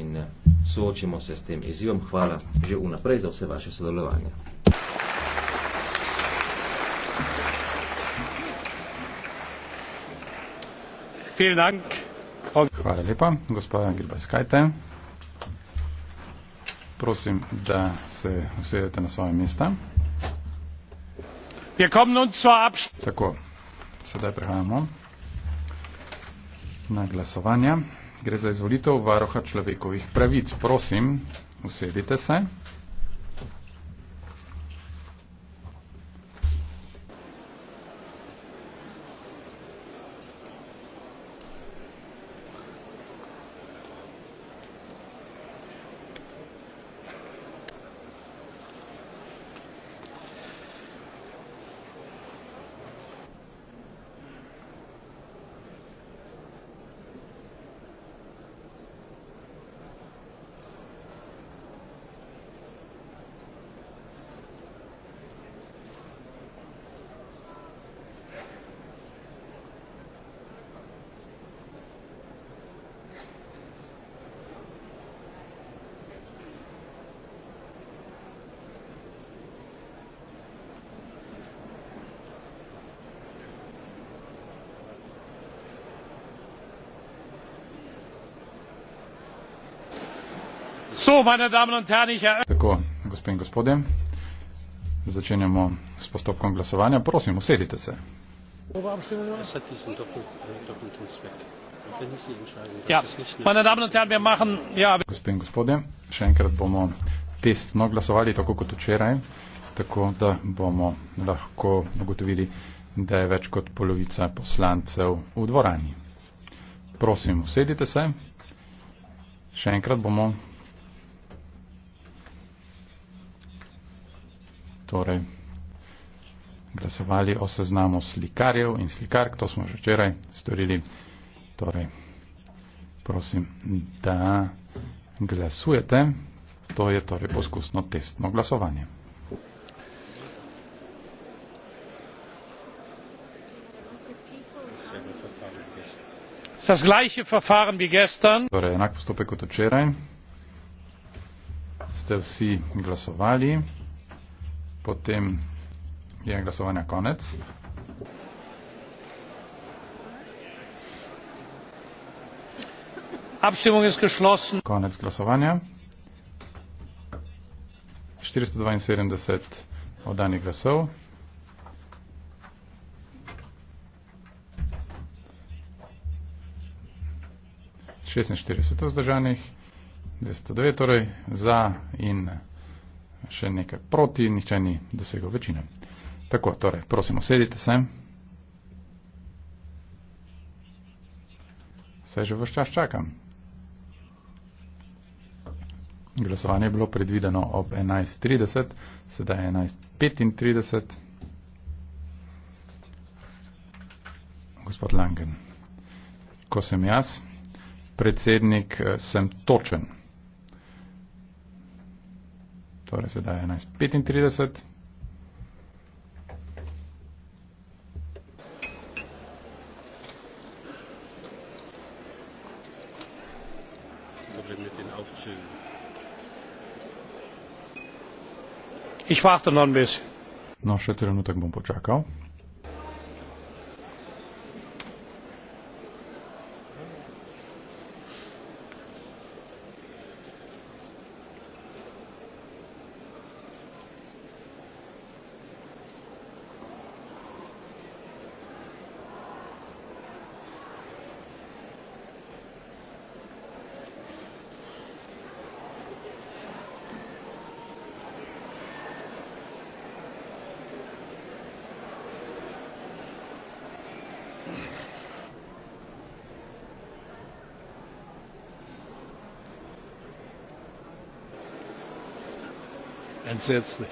in eh, soočimo se s tem izzivom. Hvala že unaprej za vse vaše sodelovanje. Hvala lepa, gospoda Gilbert Skajte. Prosim, da se usedete na svoje mesta. Tako, sedaj prehajamo na glasovanje. Gre za izvolitev varoha človekovih pravic. Prosim, usedite se. So, meine Damen und Herren, ich Tako, gospe in gospode, začenjamo s postopkom glasovanja. Prosim, usedite se. Ja, meine Damen und Herren, wir machen, ja. Gospe in gospode, še enkrat bomo testno glasovali, tako kot včeraj, tako da bomo lahko ugotovili, da je več kot polovica poslancev v dvorani. Prosim, usedite se. Še enkrat bomo torej glasovali o seznamu slikarjev in slikark, to smo že včeraj storili. Torej, prosim, da glasujete. To je torej poskusno testno glasovanje. Das gleiche Verfahren wie gestern. Torej, enak postopek kot včeraj. Ste vsi glasovali? potem je glasovanja konec. Konec glasovanja. 472 oddanih glasov. Šestinštirideset vzdržanih, dvesto dve torej za in še nekaj proti, nihče ni dosegel večine. Tako, torej, prosim, usedite se. Vse že vse čas čakam. Glasovanje je bilo predvideno ob 11.30, sedaj je 11.35. Gospod Langen, ko sem jaz, predsednik, eh, sem točen torej se da 11.35. Ich warte noch ein bisschen. No, še trenutek bom počakal. entsetzlich.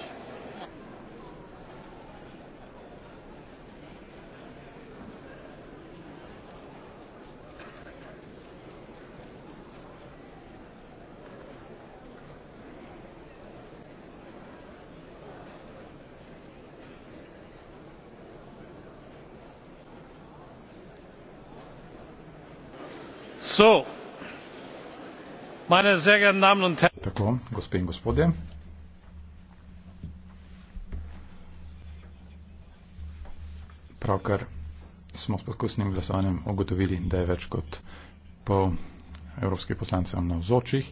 meine sehr geehrten damen und herren! pravkar smo s poskusnim glasovanjem ugotovili, da je več kot pol evropskih poslancev na vzočih.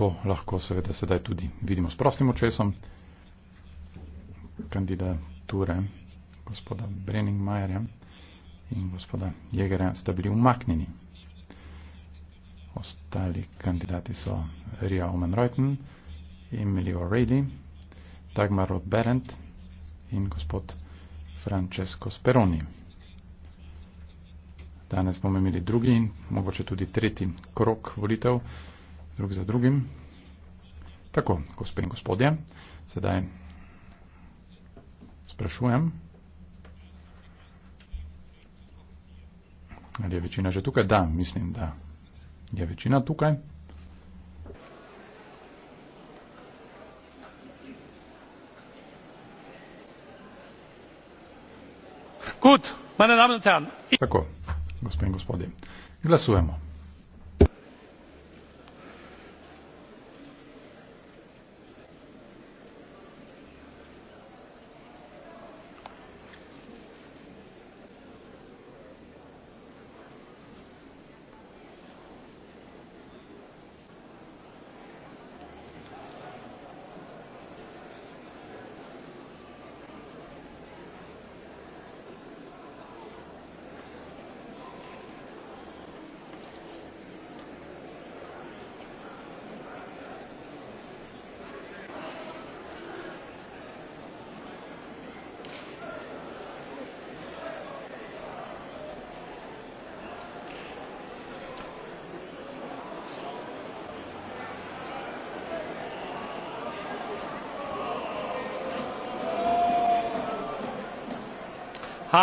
To lahko seveda sedaj tudi vidimo s prostim očesom. Kandidature gospoda Breningmajerja in gospoda Jegera sta bili umaknjeni. Ostali kandidati so Ria Omen Reuten, Emilio Reilly, Dagmar Roth Berendt in gospod Francesco Speroni. Danes bomo imeli drugi in mogoče tudi tretji krok volitev, drug za drugim. Tako, gospe in gospodje, sedaj sprašujem, ali je večina že tukaj? Da, mislim, da je večina tukaj. gut meine damen und herren!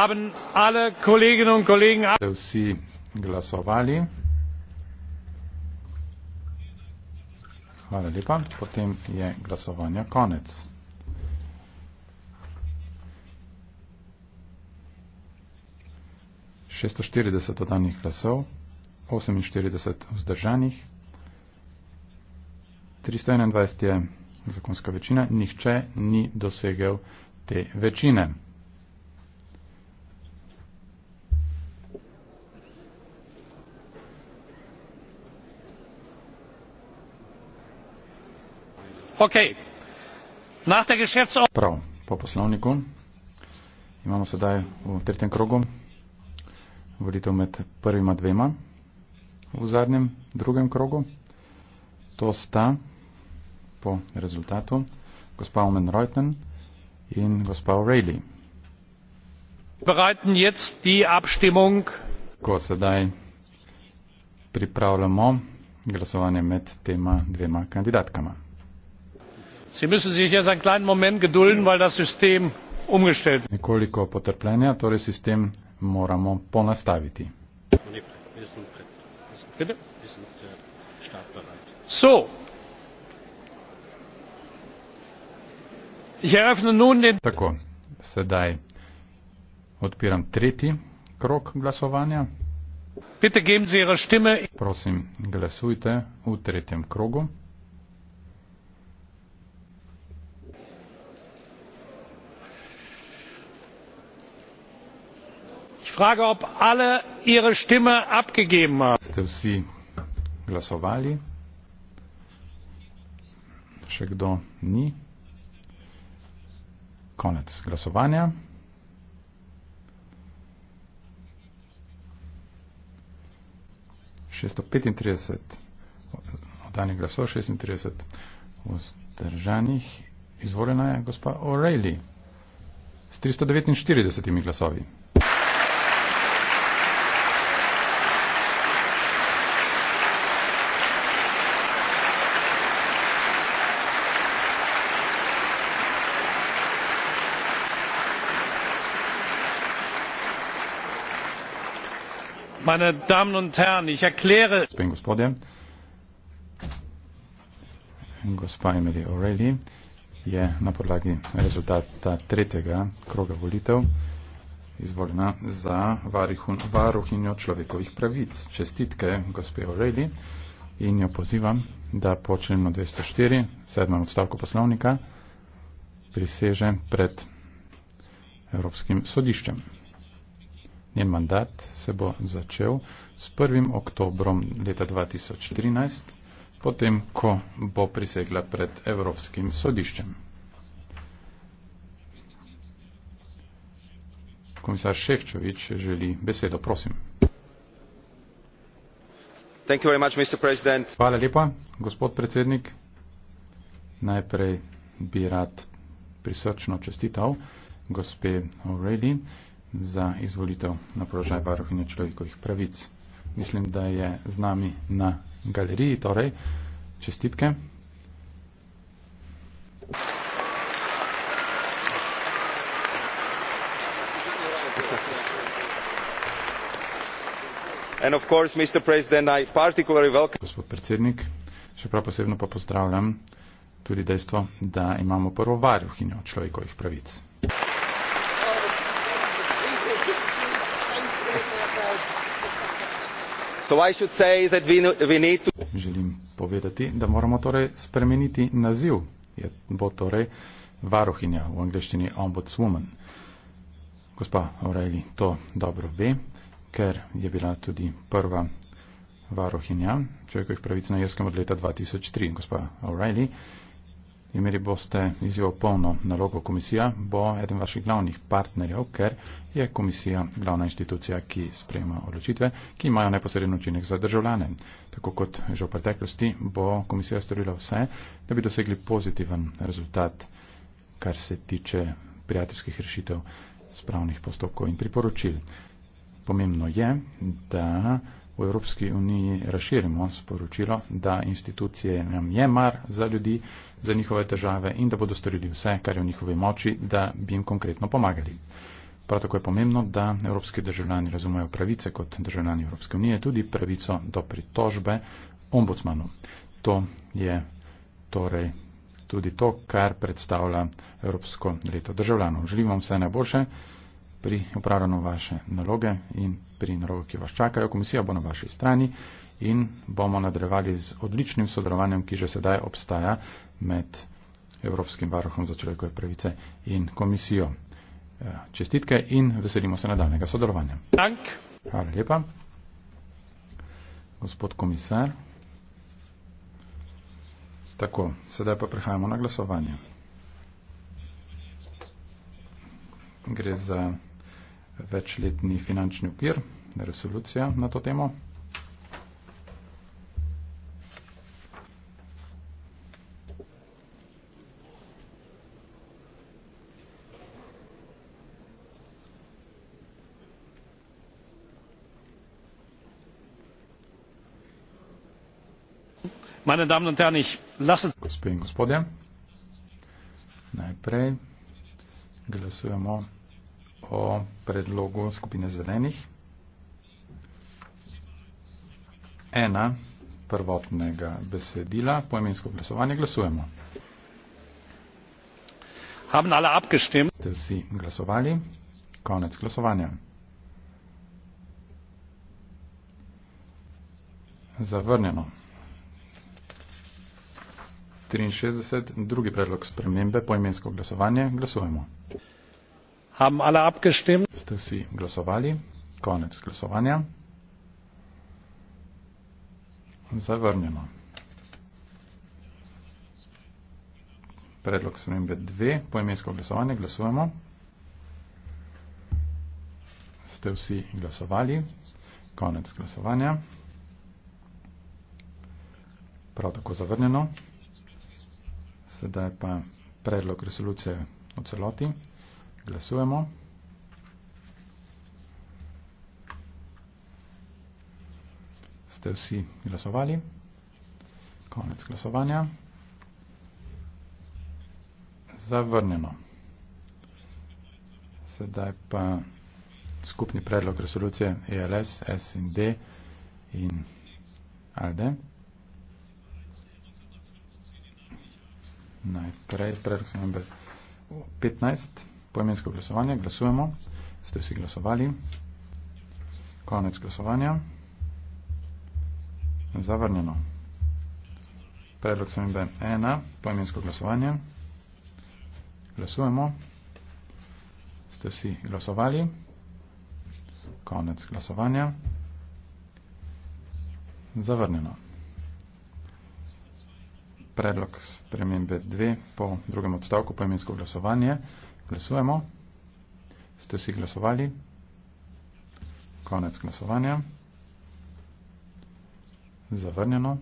haben alle Kolleginnen und Kollegen vsi glasovali. Hvala lepa. Potem je glasovanja konec. šeststo oddanih glasov, 48 vzdržanih, 321 je zakonska večina, nihče ni dosegel te večine. Prav, po poslovniku. Imamo sedaj v tretjem krogu volitev med prvima dvema v zadnjem, drugem krogu. To sta po rezultatu gospa Omen Reutnen in gospa O'Reilly. Bereiten jetzt die Abstimmung. Ko sedaj pripravljamo glasovanje med tema dvema kandidatkama sie müssen sich jetzt einen kleinen moment gedulden weil das system umgestellt wird. nekoliko potrpljenja torej sistem moramo ponastaviti. Äh, so ich eröffne nun den tako sedaj odpiram tretji krog glasovanja. bitte geben sie ihre stimme prosim glasujte v tretjem krogu. frage ob alle ihre stimme abgegeben haben. šeststo petintrideset oddanih glasov šestintrideset vzdržanih izvoljena je gospa O'Reilly s tristo devetinštiridesetimi glasovi meine damen und herren ich erkläre gospa Emily O'Reilly je na podlagi rezultata tretjega kroga volitev izvoljena za varihun, varuhinjo človekovih pravic. Čestitke gospe O'Reilly in jo pozivam, da po členu 204, sedmem odstavku poslovnika, priseže pred Evropskim sodiščem. Njen mandat se bo začel s 1. oktobrom leta 2013, potem, ko bo prisegla pred Evropskim sodiščem. Komisar Ševčovič želi besedo, prosim. Thank you very much, Mr. Hvala lepa, gospod predsednik. Najprej bi rad prisrčno čestital gospe O'Reilly za izvolitev na položaj varohinje človekovih pravic. Mislim, da je z nami na galeriji, torej čestitke. And of course, Mr. President, I particularly welcome. Gospod predsednik, še prav posebno pa pozdravljam tudi dejstvo, da imamo prvo varuhinjo človekovih pravic. No, Želim povedati, da moramo torej spremeniti naziv. Je, bo torej varuhinja v angleščini ombudswoman. Gospa Aureli to dobro ve, ker je bila tudi prva varuhinja človekovih pravic na Jerskem od leta 2003. Gospa Aureli. Imeli boste izjivo polno nalogo. Komisija bo eden vaših glavnih partnerjev, ker je komisija glavna inštitucija, ki sprejema odločitve, ki imajo neposreden učinek za državljane. Tako kot že v preteklosti bo komisija storila vse, da bi dosegli pozitiven rezultat, kar se tiče prijateljskih rešitev, spravnih postopkov in priporočil. Pomembno je, da v Evropski uniji razširimo sporočilo, da institucije nam je mar za ljudi, za njihove težave in da bodo storili vse, kar je v njihovi moči, da bi jim konkretno pomagali. Prav tako je pomembno, da evropski državljani razumejo pravice kot državljani Evropske unije, tudi pravico do pritožbe ombudsmanu. To je torej tudi to, kar predstavlja Evropsko leto državljanov. Želim vam vse najboljše pri upravljanju vaše naloge in pri nalogu, ki vas čakajo. Komisija bo na vaši strani in bomo nadrevali z odličnim sodelovanjem, ki že sedaj obstaja med Evropskim varohom za človekove pravice in komisijo. Eh, čestitke in veselimo se nadaljnega sodelovanja. Dank. Hvala lepa. Gospod komisar. Tako, sedaj pa prehajamo na glasovanje. Gre za večletni finančni okvir, resolucija na to temo. Meine Damen und Herren, ich lasse Gospodje, najprej glasujemo o predlogu skupine zelenih. Ena prvotnega besedila, poimensko glasovanje, glasujemo. Haben alle abgestimmt. Ste vsi glasovali? Konec glasovanja. Zavrnjeno. 63. Drugi predlog spremembe, poimensko glasovanje, glasujemo haben alle abgestimmt. Zavrnjeno. Predlog spremembe 2, poemensko glasovanje, glasujemo. Ste vsi glasovali? Konec glasovanja. Prav tako zavrnjeno. Sedaj pa predlog resolucije v celoti. Glasujemo. Ste vsi glasovali? Konec glasovanja. Zavrnjeno. Sedaj pa skupni predlog resolucije ELS, S in D in AD. Najprej predlog se nam 15 poemensko glasovanje. Glasujemo. Ste vsi glasovali. Konec glasovanja. Zavrnjeno. Predlog sem imbe ena. Poemensko glasovanje. Glasujemo. Ste vsi glasovali. Konec glasovanja. Zavrnjeno. Predlog spremembe 2 po drugem odstavku poemensko glasovanje. Glasujemo. Ste si glasovali? Konec glasovanja. Zavrnjeno.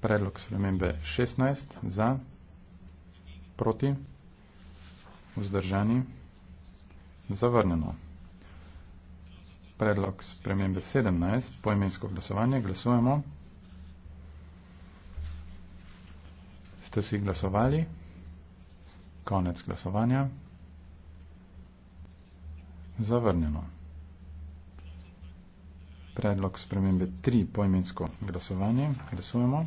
Predlog spremembe 16 za, proti, vzdržani, zavrnjeno. Predlog spremembe 17, poimensko glasovanje, glasujemo. Ste si glasovali? Konec glasovanja. Zavrnjeno. Predlog spremembe 3 poimensko glasovanje. Glasujemo.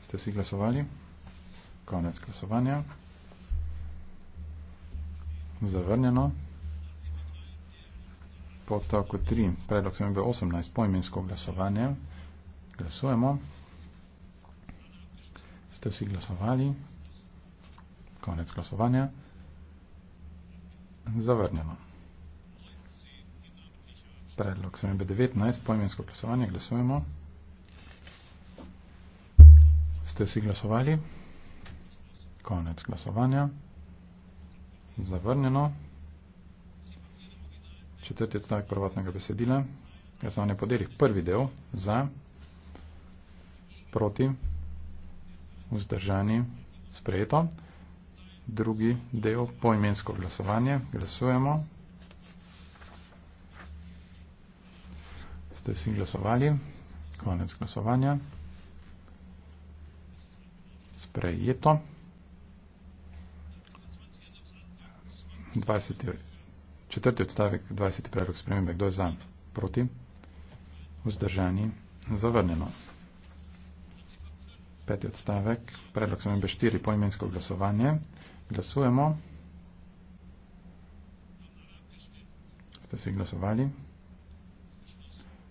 Ste vsi glasovali? Konec glasovanja. Zavrnjeno. Po odstavku 3 predlog spremembe 18 poimensko glasovanje. Glasujemo. Ste vsi glasovali? Koniec głosowania. Zawarniono. Predlog SMB19, poimensko glasovanje, glasujemo. Ste vsi glasovali? Konec glasovanja. Zavrnjeno. Četrti odstavek prvotnega besedila. Glasovanje po delih. Prvi del za, proti, vzdržani, sprejeto drugi del poimensko glasovanje. Glasujemo. Ste si glasovali? Konec glasovanja. Sprejeto. 20. Četrti odstavek, 20. predlog spremembe. Kdo je za? Proti? Vzdržani? Zavrnjeno peti odstavek, predlog smembe štiri poimensko glasovanje. Glasujemo. Ste si glasovali?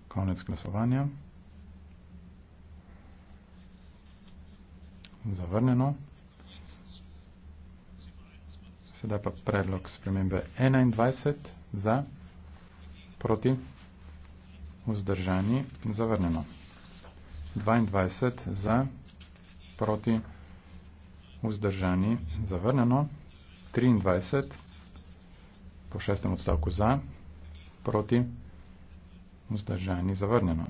Konec glasovanja. Zavrneno. Sedaj pa predlog spremembe 21 za, proti, vzdržani, zavrneno. 22 za proti, vzdržani, zavrnjeno, 23, po šestem odstavku za, proti, vzdržani, zavrnjeno.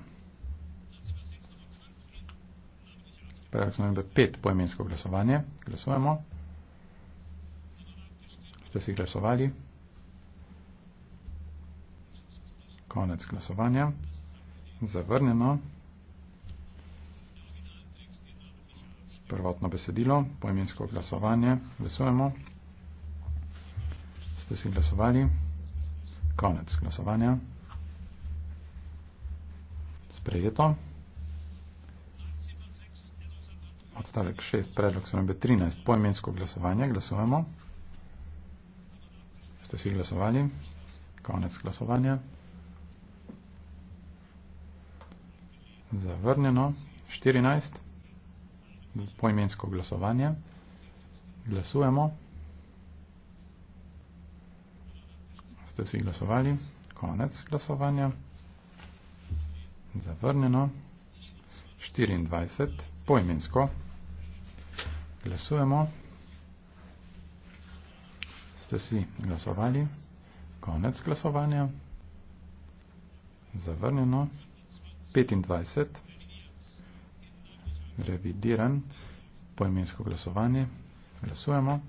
Predlog smo imeli pet poimensko glasovanje. Glasujemo. Ste si glasovali? Konec glasovanja. Zavrnjeno. prvotno besedilo, poimensko glasovanje, glasujemo. Ste si glasovali? Konec glasovanja. Sprejeto. Odstavek 6, predlog sem 13, poimensko glasovanje, glasujemo. Ste si glasovali? Konec glasovanja. Zavrnjeno. 14 poimensko glasovanje. Glasujemo. Ste vsi glasovali? Konec glasovanja. Zavrnjeno. 24. Poimensko. Glasujemo. Ste vsi glasovali? Konec glasovanja. Zavrnjeno. 25 revidiran. Poimensko glasovanje. Glasujemo.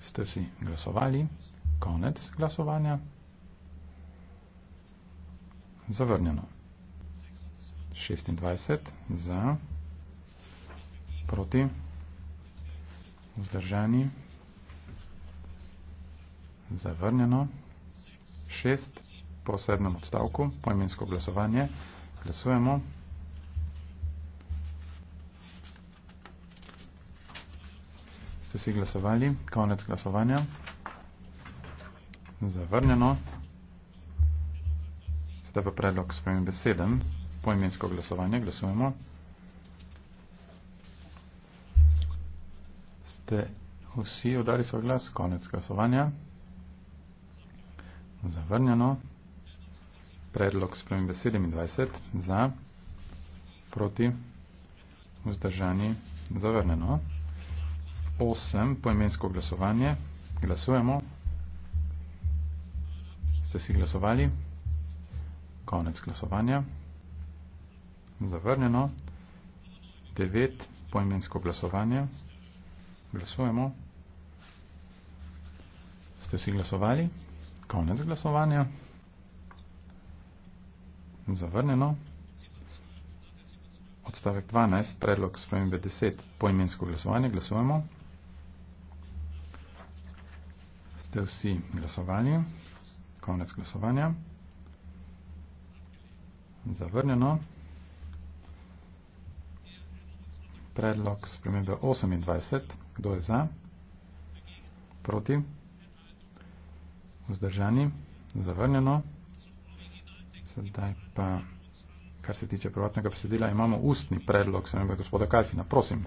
Ste si glasovali. Konec glasovanja. Zavrnjeno. 26 za. Proti. Vzdržani. Zavrnjeno. 6 po sedmem odstavku. Poimensko glasovanje. Glasujemo. ste si glasovali. Konec glasovanja. Zavrnjeno. Sedaj pa predlog spremembe 7. Poimensko glasovanje. Glasujemo. Ste vsi odali svoj glas? Konec glasovanja. Zavrnjeno. Predlog spremembe 27. Za. Proti. Vzdržani. Zavrnjeno. 8, poimensko glasovanje. Glasujemo. Ste si glasovali? Konec glasovanja. Zavrnjeno. 9, poimensko glasovanje. Glasujemo. Ste si glasovali? Konec glasovanja. Zavrnjeno. Odstavek 12, predlog spremembe 10, poimensko glasovanje. Glasujemo. ste vsi glasovali. Konec glasovanja. Zavrnjeno. Predlog spremembe 28. Kdo je za? Proti? Vzdržani? Zavrnjeno. Sedaj pa, kar se tiče prvotnega besedila, imamo ustni predlog spremembe gospoda Kalfina. Prosim.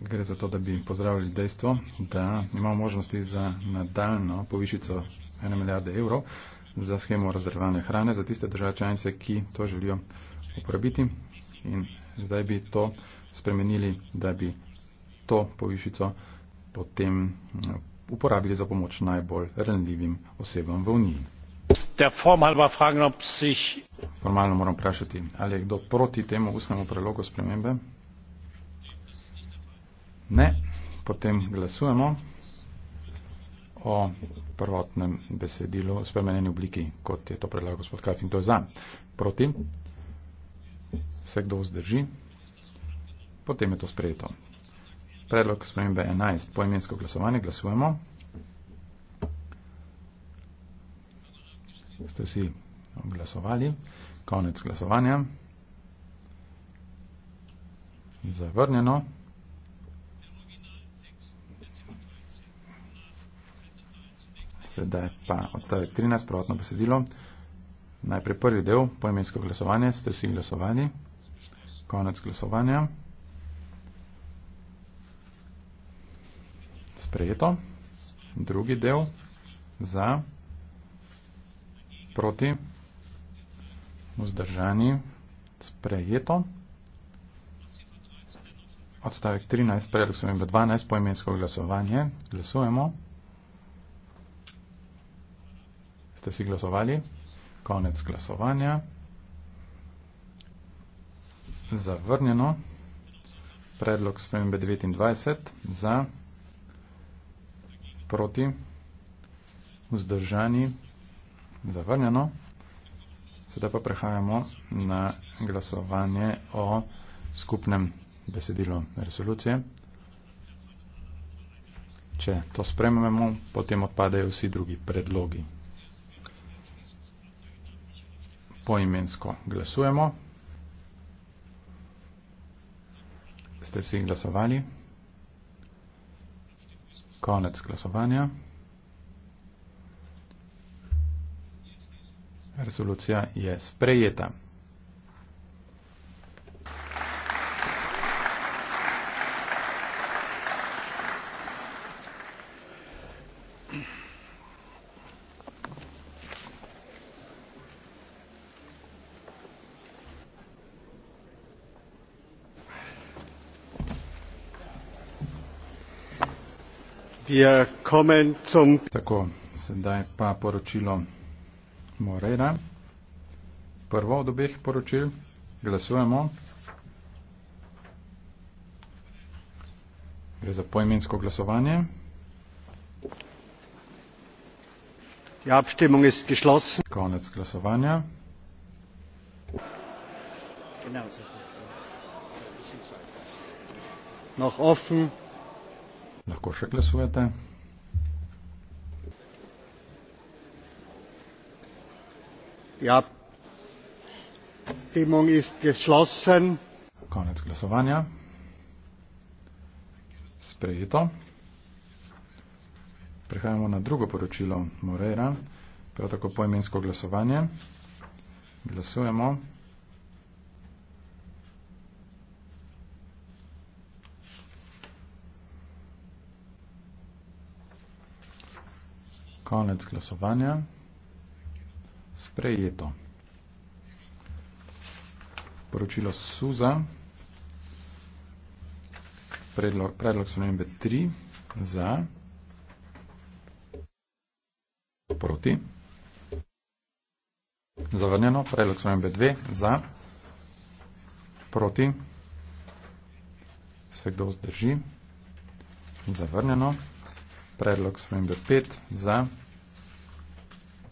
gre za to, da bi pozdravili dejstvo, da imamo možnosti za nadaljno povišico 1 milijarde evrov za schemo razrevanja hrane za tiste države članice, ki to želijo uporabiti. In zdaj bi to spremenili, da bi to povišico potem eh, uporabili za pomoč najbolj ranljivim osebam v Uniji. Formalno moram vprašati, ali je kdo proti temu ustnemu prelogu spremembe? ne, potem glasujemo o prvotnem besedilu v spremenjeni obliki, kot je to predlagal gospod Kajfin. To je za. Proti. Vse, kdo vzdrži, potem je to sprejeto. Predlog spremembe 11. Poimensko glasovanje. Glasujemo. Ste si glasovali. Konec glasovanja. Zavrnjeno. sedaj pa odstavek 13, prvotno besedilo. Najprej prvi del, poimensko glasovanje, ste vsi glasovali, konec glasovanja. Sprejeto. Drugi del, za, proti, vzdržani, sprejeto. Odstavek 13, predlog sem 12, poimensko glasovanje, glasujemo. Ste si glasovali? Konec glasovanja. Zavrnjeno. Predlog spremembe 29 za proti vzdržani zavrnjeno. Sedaj pa prehajamo na glasovanje o skupnem besedilu resolucije. Če to sprememo, potem odpadejo vsi drugi predlogi poimensko glasujemo. Ste si glasovali? Konec glasovanja. Resolucija je sprejeta. Tako, sedaj pa poročilo Morera. Prvo od obeh poročil. Glasujemo. Gre za poimensko glasovanje. Die Abstimmung ist geschlossen. Konec glasovanja. Noch offen. Lahko še glasujete. Ja, Stimmung ist geschlossen. Konec glasovanja. Sprejeto. Prehajamo na drugo poročilo Moreira, prav tako poimensko glasovanje. Glasujemo. Konec glasovanja. Sprejeto. Poročilo SUZA. Predlog, predlog so nebe 3 za proti. Zavrnjeno. Predlog so nebe 2 za proti. Se kdo zdrži? Zavrnjeno. Predlog so nebe 5 za proti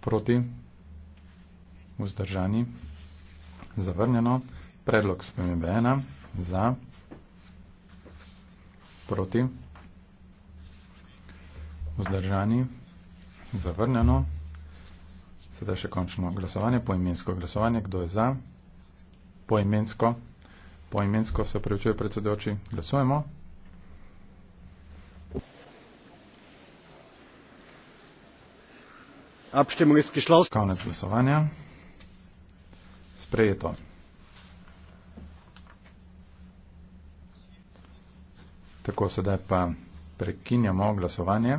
proti, vzdržani, zavrnjeno, predlog spremembe ena, za, proti, vzdržani, zavrnjeno, sedaj še končno glasovanje, poimensko glasovanje, kdo je za, poimensko, poimensko se pravičuje predsedoči, glasujemo, glasujemo, Abstimmung ist geschlossen. Konec glasovanja. Sprejeto. Tako sedaj pa prekinjamo glasovanje.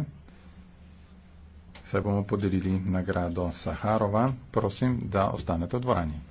Se bomo podelili nagrado Saharova. Prosim, da ostanete v dvorani.